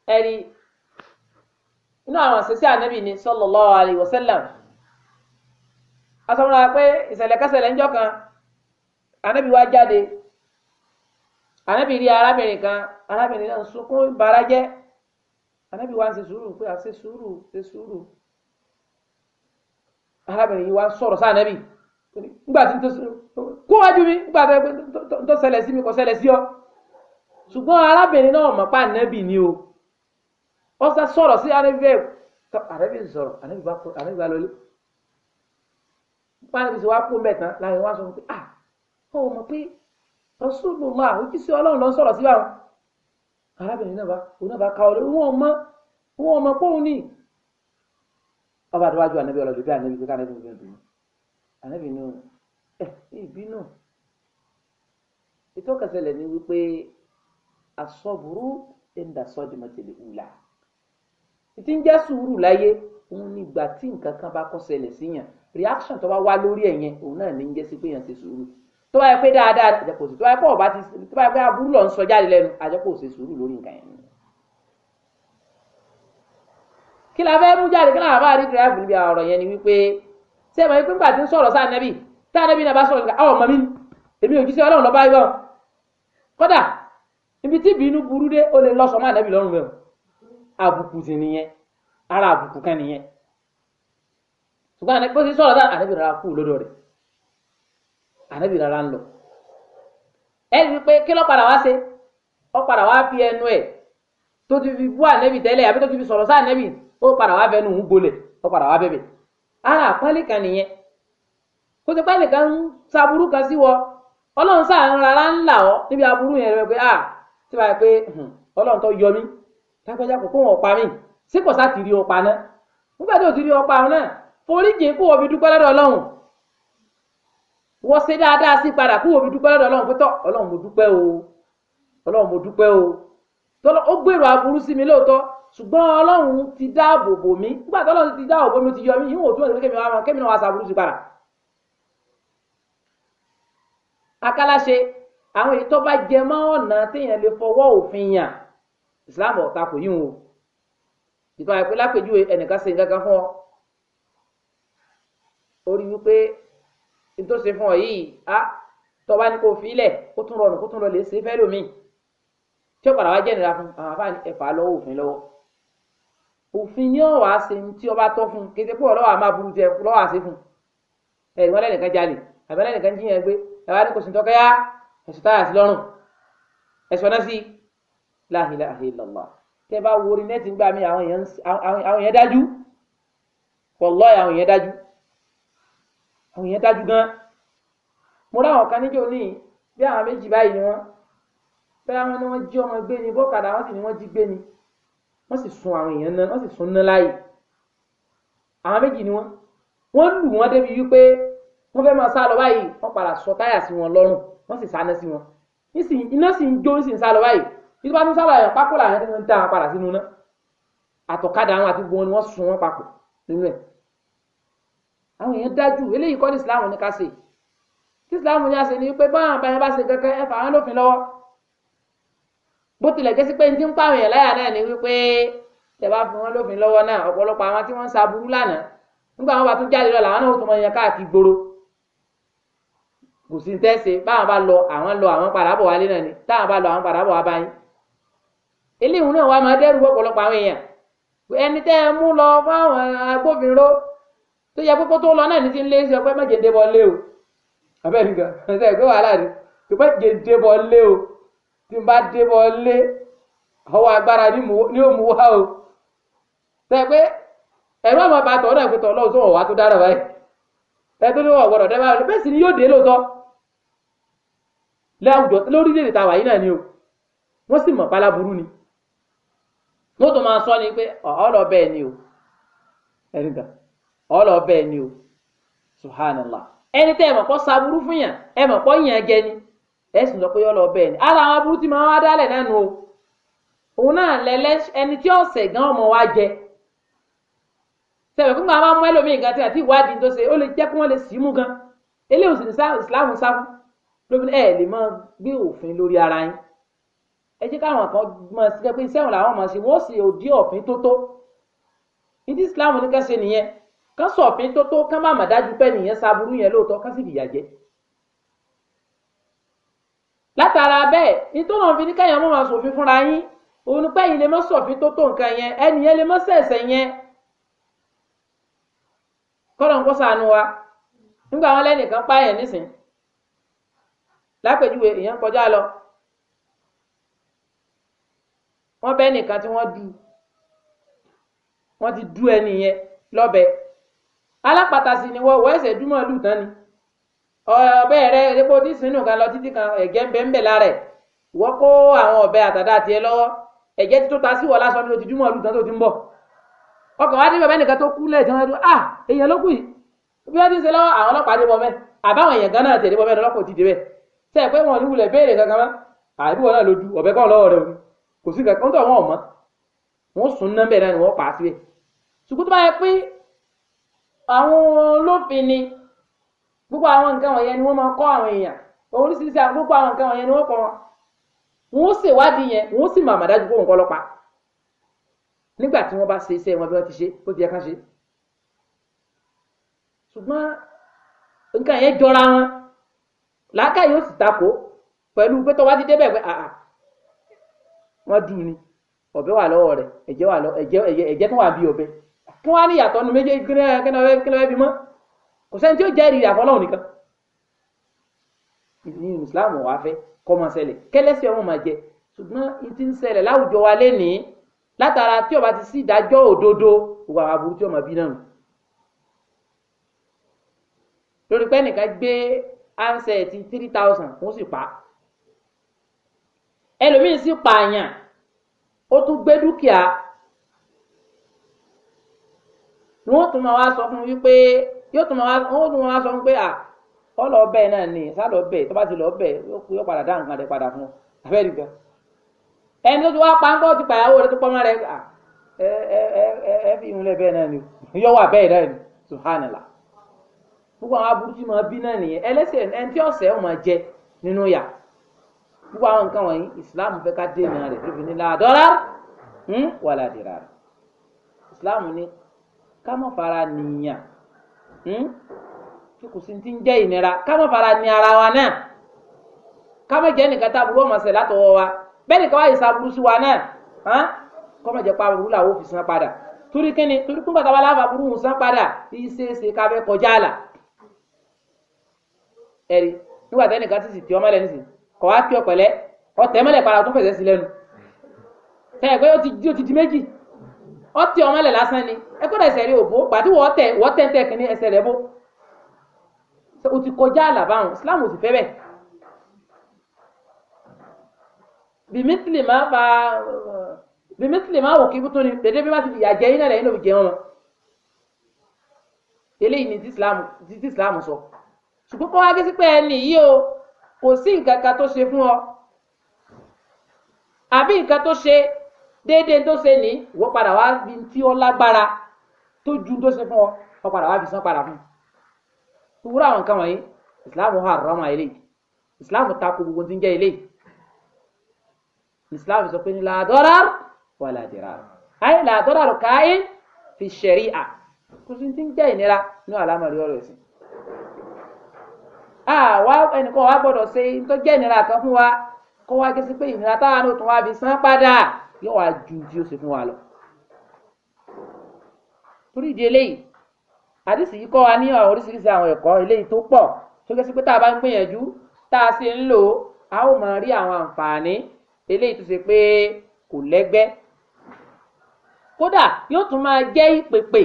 é ni sallallahu alaihi pé ìṣẹ̀lẹ̀ ńjọ́ kan ànábì wá arábìnrin arábìnrin kan arábìnrin náà ń sunkún ìbàràjẹ́ anábì wa ń ṣe sùúrù pé àṣe sùúrù ṣe sùúrù arábìnrin yìí wa ń sọ̀rọ̀ sáà nábì nígbà tí kó wájú mi nígbà tó ṣẹlẹ̀ sí mi kò ṣẹlẹ̀ sí ọ ṣùgbọ́n arábìnrin náà mọ̀ pa ànábì ni o ó sá sọ̀rọ̀ sí anábì bẹ́ẹ̀ tó anábì sọ̀rọ̀ anábì bá kó anábì bá lọlé bá anábì sọ wá kó mẹ́tàn láàrin wá sọ pé ah ó mọ̀ pé rasulullah òjíṣẹ́ ọlọ́run ló ń sọ̀rọ̀ síbà wọn arábìnrin náà bá òun náà bá ka ọlẹ wọn ọmọ wọn ọmọ pọ́ùn ní. ọba tó wájú ànábì ọlọ́dún bí ànábì pé kánábì bẹ́ẹ̀ eh, bínú ànábì nù ẹ ìbínú ìtọ́kasẹ̀lẹ̀ ni wípé asọ́burú ẹ̀ńdà sọ́ọ́dì mọ́tẹ́lẹ̀ ìtí ń jẹ́ sùúrù láyé òun ni ìgbà tí nǹkan kan bá kọ́ síyàn reaction tó bá wá lórí ẹ̀yẹn òun náà ní ń jẹ́ sí pé yàn ṣe sùúrù tó bá yẹ pé dáadáa àjẹpọ̀ sí tó bá yẹ pé ọba ti tó bá yẹ pé aburú lọ ń sọ jáde lẹ́nu àjẹpọ̀ ṣe sùúrù lórí nǹkan yẹn. kí la fẹ́ mú jáde kí làwọn bá rí tíráfù níbi ọ̀rọ̀ yẹn ni wípé ṣé ẹ̀ mọ̀ pé nígbà tí ń sọ̀rọ̀ sáà nẹ́bì táà nẹ́bì náà bá sọ̀rọ̀ nígbà ọ̀ mọ̀ mi èmi ò jíṣẹ́ ọlọ́run lọ́ba yọ kódà ibi tí ìbínú burú dé ó lè lọ sọ má nẹ́bì lọ́rùn rẹ̀ àbùkù sì nìyẹn ara àbùkù kan nìyẹn ṣùgbọ́n àná ànábì rárá ń lọ ẹni wípé kí ló padà wá ṣe ó padà wá fi ẹnu ẹ tó ti fi bú ànábì tẹ́lẹ̀ àbí tó ti fi sọ̀rọ̀ sí ànábì ó padà wá bẹnu òun gbolẹ̀ ó padà wá bẹ̀bẹ̀ ara àpọ́nlé kan nìyẹn kó ti pẹ́ẹ́lì kan ń saburú kan sí wọ ọlọ́run sáàánú rárá ń là ọ́ níbi aburú yẹn rẹ pé ah tí wàá pé ọlọ́run tó yọ mí lágbájá kò kó wọn pa mí sí kò sá ti rí ọpa náà nígbà tó ti rí ọpa náà foríjì kó o fi dúpẹ́ lọ́dọ̀ ọlọ́run wọ́n ṣe dáadáa sí padà kó omi dúpẹ́ lọ́dọ̀ ọlọ́run pé tọ́ ọlọ́run mo dúpẹ́ o ọlọ́run mo dúpẹ́ o tọ́lọ́ ó gbèrò aburú sí mi lóòótọ́ ṣùgbọ́n ọlọ́run ti dáàbò bò mí nígbà tí ọlọ́run ti dáàbò bò mí ti yọ mí yíwọ̀n tó ń kémi wá kémi náà wá sàbúrú sí padà. akálàṣe àwọn èyí tó bá jẹ mọ́ ọ̀nà téèyàn lè fọwọ́ òfin yàn ìsìláàmù ọ̀tá kò yíwọ̀n o ìtàn àìpé lápèjúwe ẹnìkan ṣe nǹkan kan fún ọ orí wípé nítorí ṣe fún ọ yìí á tọba ní kò filẹ̀ kó tún rọrùn kó tún lọ lè ṣe fẹ́ lómi tí ó padà wá jẹ́nira fún àwọn afáàní ẹ̀fà lọ́wọ́ òfin lọ́wọ́ òfin ni ọ̀wá ṣe tí ọba tọ́ fún kété pé ọlọ́wà máa burú jẹ lọ́wọ́ àṣẹ fún ẹ ìwọ́n lẹ́nìkan jalè àbẹ́ lẹ́nìkan jíyàn gbé ẹ̀wá ní kò sí tọ́kẹ́ yá ẹ̀sùn táyà sí lọ́rùn ẹ̀sùn náà sí la ilaha illallah tẹ́ bá wo orí nẹ́ẹ̀tì ń gbà mí àwọn èèyàn dájú wallahi àwọn èèyàn dájú àwọn èèyàn dájú gan mo ráwọn kan níjó ní bí àwọn méjì báyìí ni wọn bẹ́ẹ̀ wọn ni wọ́n jí ọmọ gbé ni bọ́kadà wọ́n sì ni wọ́n jí gbé ni wọ́n sì sun àwọn èèyàn náà wọ́n sì sun ná láàyè àwọn méjì ni wọ́n wọ́n lù wọ́n débi wípé wọ́n fẹ́ máa sá lọ báyìí wọ́n padà sọ táyà sí wọn lọ́rùn wọ́n sì sáná sí wọn iná sì ń jó ń sì ń sá lọ báyìí títí bá tún sá lọ pákó làwọn ẹni tó ń dá wọn padà sínú náà àtọ̀kadà àwọn àti gbogbo wọn ni wọ́n sun wọn papọ̀ nínú ẹ̀ àwọn èèyàn dájú eléyìí kọ́ ní islam ní ká ṣe tí islam ní a ṣe ni pé báwọn àbáyọ bá ṣe kankan ẹ fà wọn lófin lọ́wọ́ bó tilẹ̀ jẹ́ sí pé ní ti ń pa àwọn èèyàn láyà náà ni wípé tẹ bá fún wọn lófin lọ́wọ́ náà ọ̀pọ̀lọpọ̀ àwọn tí wọ́n ń saburú lánàá nígbà wọn bá tún jáde lọ làwọn náà ó tún mọ èèyàn káàkiri gbòòrò kò sí tẹ́sẹ̀ báwọn bá lọ àwọn lọ àwọn padà bọ̀ wálé náà ni táwọn bá lọ àwọn padà bọ̀ wá báyìí eléyìí náà wà máa dẹ́rù ọ̀pọ̀lọpọ̀ àwọn èèyàn ẹni tẹ́ ẹ mú lọ fáwọn agbófinró tó yẹ kókó tó lọ náà ní ti ń lé sí ọpẹ́ mẹ́jẹ̀dẹ́ bọ́ lé o abẹ́ nìkan ẹ̀sẹ̀ ìgbé wàhálà ni ìpẹ́ jẹ̀dẹ́ bọ́ lé o tí n bá dé bọ́ lé ọwọ́ agbára ni ó mú wá o tẹ́ pé ẹ̀rọ àwọn ọba àtọ̀ náà pẹ̀tọ̀ ọlọ́run tó wọ̀ wá tó dára báyìí ẹ tó ní wọ̀ gbọ́dọ̀ dẹ́ báyìí bẹ́ẹ̀ sì ni yóò dé lóòótọ́ láwùjọ lórílẹ̀-èdè tàwa yìí náà ni o wọ́n sì mọ̀ pálábùrú ni wọ́n tó máa sọ ni pé ọ̀ọ́ lọ bẹ́ẹ̀ ni o ẹ̀rí ọlọ bẹ́ẹ̀ ni o subhanallah ẹni tẹ́ ẹ mọ̀ kọ́ saburú fún yàn ẹ mọ̀ kọ́ yàn jẹ ni ẹ sì lọ pé ọlọ bẹ́ẹ̀ ni ara àwọn aburú ti máa wá dálẹ̀ náà nu o òun náà lẹlẹ ẹni tí ọ̀sẹ̀ gan ọmọ wa jẹ sẹbẹ fún àwọn ọmọ ẹlòmíì gan tí àti ìwádìí tó ṣe ó lè jẹ kí wọn lè sì í mú gan eléyìí òsì ní islam sáfù lóbi ẹ lè máa gbé òfin lórí ara yín ẹ jẹ́ káwọn kan máa ṣe pé iṣẹ́ wọn làwọn máa ṣe wọ́n sì òdí òfin tó tó ní ti islam ní kẹ́sẹ̀ nìyẹn kán sọ̀fin tó tó kán má má dájú pé nìyẹn ṣaburú yẹn lóòótọ́ kán sì fìyà jẹ. látara bẹ́ẹ̀ nítorí òfin kẹ́yìn ọmọ máa ṣòfin fúnra yín òun ni pẹ́yìn lè mọ́ sọ̀fin tó tó nǹkan yẹn ẹnì yẹn lè mọ́ sẹ̀sẹ̀ yẹn kọ́nà ń kó sànù wa nígbà wọn lẹ́nìkan pààyàn nísìn lápèjúwe èèyàn kọjá lọ wọn bẹ nìkan tí wọn du wọn ti du ẹni yẹn lọ́bẹ alápatà sì ni wọ́n wọ́n ẹ̀sẹ̀ dúmọ̀ lù tán ni ọbẹ̀ rẹ epo tí sínú kan lọ títí kan ẹ̀jẹ̀ ń bẹ ń bẹ lára ẹ̀ wọ́n kó àwọn ọ̀bẹ àtàdá tiẹ̀ lọ́wọ́ ẹ̀jẹ̀ tó ta sí wọ́n lásán ni o ti dúmọ̀ lù tán tó ti ń bọ̀ ọkàn wa dé bàbá tó kú lẹ́ẹ̀tì wọn dún ah èèyàn ló kù yìí bí wọ́n ti ń ṣe lọ́wọ́ àwọn ọlọ́pàá dé bọ́ mẹ́ àbáwọn èèyàn gan náà tẹ̀lé bọ́ mẹ́ lọ́pọ̀ ti dé bẹ́ẹ̀ tẹ́ ẹ pé wọn ò ní béèrè kankan mọ́ àbí wọn náà lójú ọ̀bẹ kọ́ lọ́wọ́ rẹ o kò sí kankan tó wọn ò mọ́ wọn sùn náà bẹ́ẹ̀ náà ni wọ́n pa á síbẹ̀ ṣùgbọ́n yẹ pé àwọn olófin ni gbogbo àwọn nǹkan wọ̀nyẹn ni wọ́n máa kọ́ àwọn èèyàn oríṣiríṣi gbogbo àwọn nǹkan wọ̀nyẹn ni wọ́n kọ́ wọn wọ́n sì wádìí yẹn wọ́n sì máa màdájú kó nǹkan ọlọ́pàá nígbà tí wọ́n bá ṣe iṣẹ́ wọn bí wọ́n ti ṣe ó ti yẹ ká ṣe ṣùgbọ́n nǹkan yẹn jọra wọn làákàyè ó sì takò pẹ̀lú pé tọ́wá ti débẹ̀ pé àà wọ́n dùn ni ọ̀bẹ wà lọ́wọ́ rẹ̀ ẹ̀jẹ̀ tó wà bí ọ̀bẹ kí wọ́n á ní ìyàtọ̀ nu méjèèjì kílẹ̀ bí mọ́ kò sẹ́ni tí ó jẹ́rìí àfọlọ́hùn nìkan ìdí Islam wà fẹ́ kọ́ máa ṣẹlẹ̀ kẹlẹ́sì ọmọ máa jẹ ṣùgbọ́n ìdí ń ṣẹlẹ̀ láwùjọ wa lénìí látara tí ó bá ti sí ìdájọ́ òdodo gbogbo àwọn aburú tí ó máa bí náà lórí pé ẹnìkan gbé ansẹ̀tì three thousand wọ́n sì pa ẹlòmíín sì pààyàn ó tún gbé dúkìá wọn tún máa wá sọ fún wípé yóò tún máa wọn tún máa sọ fún pé à ọlọ ọbẹ náà ni sálọ ọbẹ tó bá ti lọ ọbẹ yóò padà dá nǹkan rẹ padà fún ọ abẹ́rẹ́ gbà ẹni tó ti wá pàǹkọ́ ti pàyàwó rẹ tó pọ́nmọ́ rẹ à ẹ ẹ ẹ ẹ fi ìhun lẹ bẹ́ẹ̀ náà ni yọ wà bẹ́ẹ̀ náà ni subhanallah gbogbo àwọn aburú tí máa bí náà nìyẹn ẹlẹ́sẹ̀ ẹni tí ọ̀sẹ̀ ọ̀ máa jẹ nínú yà gbogbo àwọn nǹkan wọ̀nyí islam fẹ́ ká dènà rẹ̀ tóbi ní láàdọ́rà hmm, wàládìrà ká fara nìyàn hmm? tí kò sí ti ń jẹ́ ìnira ká fara ní ara wa náà ká má jẹ́ nìkan tá aburú ọmọ ṣẹ̀ látọwọ́ wa bẹ́ẹ̀ nìkan wáyé sàbúrú sí wa náà kọ́ má jẹ́ pa aburú làwọn ò fi san padà torí kíni torí kúńgbà tá a bá láfa aburú ń san padà kì í ṣeéṣe ká fẹ́ kọjá àlà ẹ̀rí nígbà tẹ́nìkan ti sì ti ọmọ lẹ́nu sí kọ̀ wá kí ọ ọ̀tẹ̀ mọ́lẹ̀ padà tó fẹ̀sẹ̀ sí lẹ́nu tẹ́yẹ̀ pé ó ti di méjì ọtí ọmọ lẹ̀ lásán ni ẹ gbọ́dọ̀ ẹsẹ̀ rí òbó pàtí wọ́n tẹ̀ wọ́n tẹ̀ ń tẹ̀ kínní ẹsẹ̀ rẹ̀ bó o ti kọjá àlàbáhùn Islam ò sì fẹ́ bẹ́ẹ̀ bìmítìlì máa fa bìmítìlì máa wò kí ibùtún ni dédé bí wọ́n ti fìyà jẹ iná rẹ̀ yín ló wọn eléyìí ni títí Islam sọ ṣùgbọ́n kọ́ wá gé sí pé ẹni yìí o kò sí nǹkan kan tó ṣe fún ọ àbí nǹkan tó ṣe déédéé tó ṣe ní wọ́n padà wá fi tí ó lágbára tó ju tó ṣe fún ọ wọ́n padà wá fi san padà fún un wúrọ̀ àwọn nǹkan wọ̀nyí ìsìláàmù hà rọ́mà eléyìí ìsìláàmù takò gbogbo tí ń jẹ́ eléyìí ìsìláàmù sọ pé ní làdọ́rà wà làdìrà ayé làdọ́rà rò káyé fi ṣẹ̀rí à kò sí ti ń jẹ́ ìnira ní àlámọ̀rí ọ̀rọ̀ ẹ̀sìn àwa ẹnìkan wa gbọ́dọ̀ ṣe tó jẹ́ ìnira kan fún wa kó wá gé sí pé ìnira táwa ló tún wá fi san padà yóò wá ju tí ó ṣe fún wa lọ. torí ìdí eléyìí àdìsí yìí kọ́ wa ní àwọn oríṣiríṣi àwọn ẹ̀kọ́ eléyìí tó pọ̀ tó kẹ́sí pé tá a bá ń gbìyànjú tá a ṣe ń lò ó a ó máa rí àwọn àǹfààní eléyìí tó ṣe pé kò lẹ́gbẹ́ kódà yóò tún máa jẹ́ ìpèpè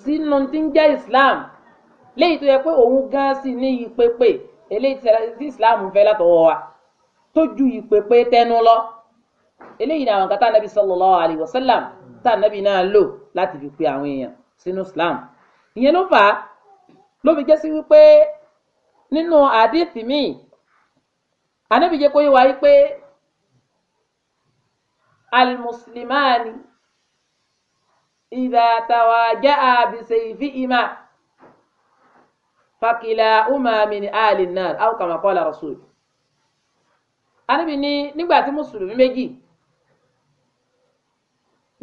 sínú tí ń jẹ́ Islam léyìí tó yẹ pé òun gan sì ní ìpèpè eléyìí tí Islam fẹ́ látọwọ́ wa tó ju ìpèpè tẹnu lọ eléyìí ni àwọn kan tá ànábì sallallahu alaihi wasallam tá ànábì náà lò láti fi pe àwọn èèyàn sínú islam ìyẹn ló fà á ló fi jẹ́ sí wípé nínú àdìsí míì ànábì jẹ́ kó yé wa wípé almuslimani idha tawajaa bisayfihima fakilahuma min ahli nnar aw kama qala rasul ànábì ní nígbà tí mùsùlùmí méjì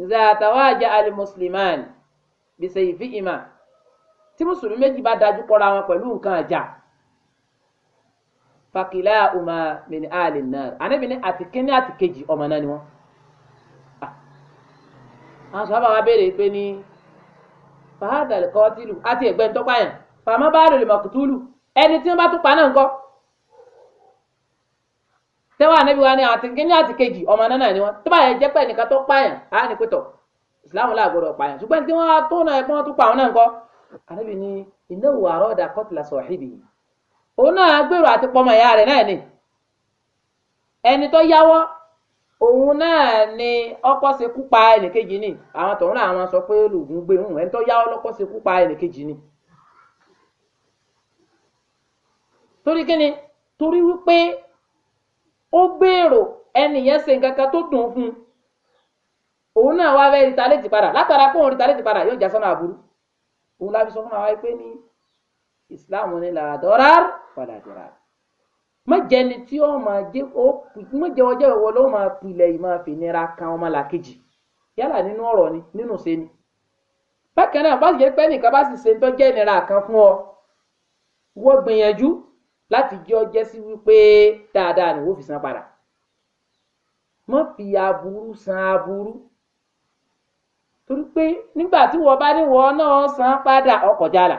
zàtàwájà alimuslimani bìsẹ̀ ìfi ìmà tí mùsùlùmí méjì bá dájú kọra wọn pẹ̀lú nǹkan àjà Fakila uma mini ali náà ànábì ní àti kíní àti kejì ọmọ náà ni wọn. Ah. àwọn sábà wa béèrè pé ní fàhádà lè kọ́ tìlù àti ẹ̀gbẹ́ ń tọ́pá yẹn fàmọ́ bá lòlè mọ̀kútúlù ẹni tí wọ́n bá tún pa náà ń kọ́. tẹ́wọ́n ànábì wa ni àti àti kejì ọmọ náà ni wọn tó bá jẹ́ tó pààyàn náà pa náà ni iná wò àrọ́ ọ̀dà kọ́tìlà sọ̀hídì òun náà gbèrò àti pọmọ ni ẹni tó yáwọ́ òun ni ṣe kú pa ni àwọn náà àwọn sọ pé gbé hùn ẹni tó ni torí kíni torí ó gbèrò ẹnìyẹn ṣe nǹkan kan tó dùn fún un òun náà wá fẹ́ rita létí padà látara pé òun rita létí padà yóò já àbúrú òun láfi sọ fún wa pé ní ìsìláàmù ni là dọ́rà padà dọ́rà mọ̀jẹni tí ó máa jẹ́ ó mọ̀jẹwọ́ jẹ́ ìwọ ló máa pilẹ̀ yìí máa fi nira kan ọmọ làkejì yálà nínú ọ̀rọ̀ ni nínú ṣe ni bákan náà bá sì jẹ́ pé nìkan bá sì ṣe ń tọ́jẹ́ ìnira kan fún ọ wọ́n gbìyànjú láti jẹ́ ọjẹ́ sí wípé dáadáa ni wọ́n fi san padà mọ́ fi aburú san aburú torí pé nígbà tí wọ́n bá ní wọ́n náà san padà ọkọ̀ jàlá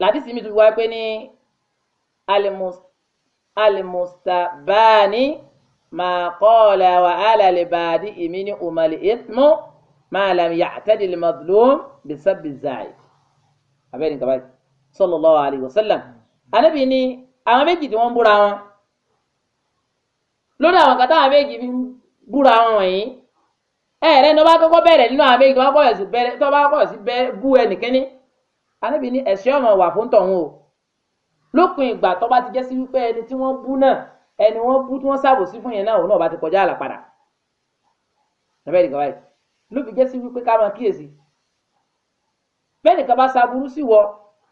làdísí mi tún wá pé ní alimustabani máa kọ́ọ̀lá wa alàlẹ́bàdì èmi ní umali ismu máa làm yàtẹ́dìlì mazlum bisabizayi abẹ́ni kaba yìí sallallahu alaihi wasallam. sallam anabi ni àwọn méjì tí wọ́n búra wọn lórí àwọn kàtà àwọn méjì búra wọn wọ̀nyí ẹ̀rẹ́ ni wọ́n bá kọ́kọ́ bẹ̀rẹ̀ nínú àwọn méjì tó bá kọ́kọ́ sí bẹ̀rẹ̀ tó bá kọ́kọ́ sí bú ẹnìkíní anabi ni ẹ̀sìn ọ̀nà wà fún tọ̀hún o lópin ìgbà tó bá ti jẹ́ sí wípé ẹni tí wọ́n bú náà ẹni wọ́n bú tí wọ́n sábò sí fún yẹn náà òun náà bá ti kọjá àlà padà bẹ́ẹ̀ nìkan báyìí ló fi jẹ́ sí wípé ká máa kíyèsí bẹ́ẹ̀ nìkan bá sa burú sí wọ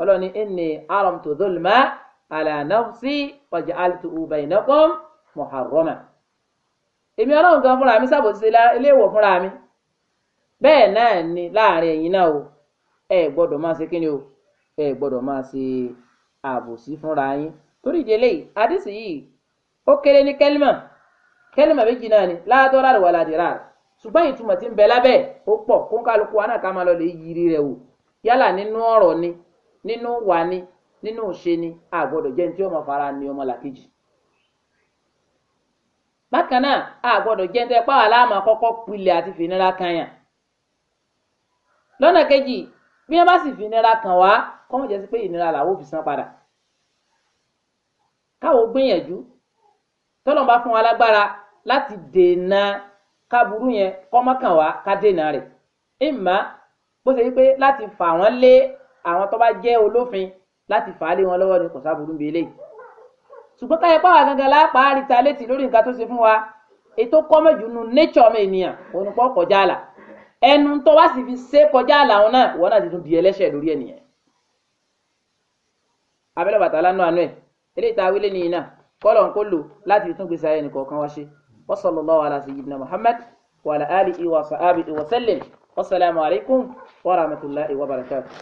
ọlọ́ni inni haramtu zulma ala nafsi waj'altuhu bainakum muharrama èmi ọlọ́run gan fúnra mi ṣàbòsí iléèwọ̀ fúnra mi bẹ́ẹ̀ náà ni láàrin ẹ̀yin náà o ẹ gbọ́dọ̀ máa ṣe kíni o ẹ gbọ́dọ̀ máa ṣe àbòsí fúnra yín torí ìdílé yìí àdìsí yìí ó kéré ní kẹ́límà kẹ́límà méjì náà ni láàdọ́rà rẹ̀ wà ládìrà ṣùgbọ́n ìtumọ̀ tí ń bẹ lábẹ́ ó pọ̀ kó kálukú wa náà ká máa lọ lè yiri rẹ̀ wò yálà nínú ọ̀rọ̀ ni nínú wà ni nínú ṣe ni a gbọ́dọ̀ jẹ́ ní tí ọmọ fara ni ọmọ làkejì bákan náà a gbọ́dọ̀ jẹ́ ní tí ẹpá wà láàmú àkọ́kọ́ pilẹ̀ àti fìnira kan yàn lọ́nà kejì bí wọ́n bá sì fìnira kàn wá kọ́mọ̀ jẹ́ sí pé ìnira làwọn ò fi san padà káwọn gbìyànjú tọ́lọ́n bá fún wa lágbára láti dènà kaburú yẹn kọ́mọ́kàn wá ká dènà rẹ̀ ìmọ̀ bó ṣe wípé láti fà wọ́n lé àwọn tó bá jẹ́ olófin láti fà á lé wọn lọ́wọ́ ni kò sábùrú bí eléyìí ṣùgbọ́n káyọ̀ pàwọn gangan lápá àríta létí lórí nǹkan tó ṣe fún wa ètò kọ́mọ̀jù nu nature ọmọ ènìyàn onùpọ̀ kọjá àlà ẹnu tó wá sì fi ṣe kọjá àlà òun náà ìwọ náà ti tún di ẹlẹ́ṣẹ̀ lórí ènìyàn abẹ́lẹ̀ bàtà lánàá àánú ẹ̀ eléyìí tá a wílé nìyí náà kọ́lọ̀ ń kó lò láti tún gbèsè ayé nìkọ̀ọ̀kan wá ṣe wa sallallahu ala sayyidina Muhammad wa ala alihi wa sahbihi wa sallam wassalamu alaikum wa rahmatullahi wa barakatuh.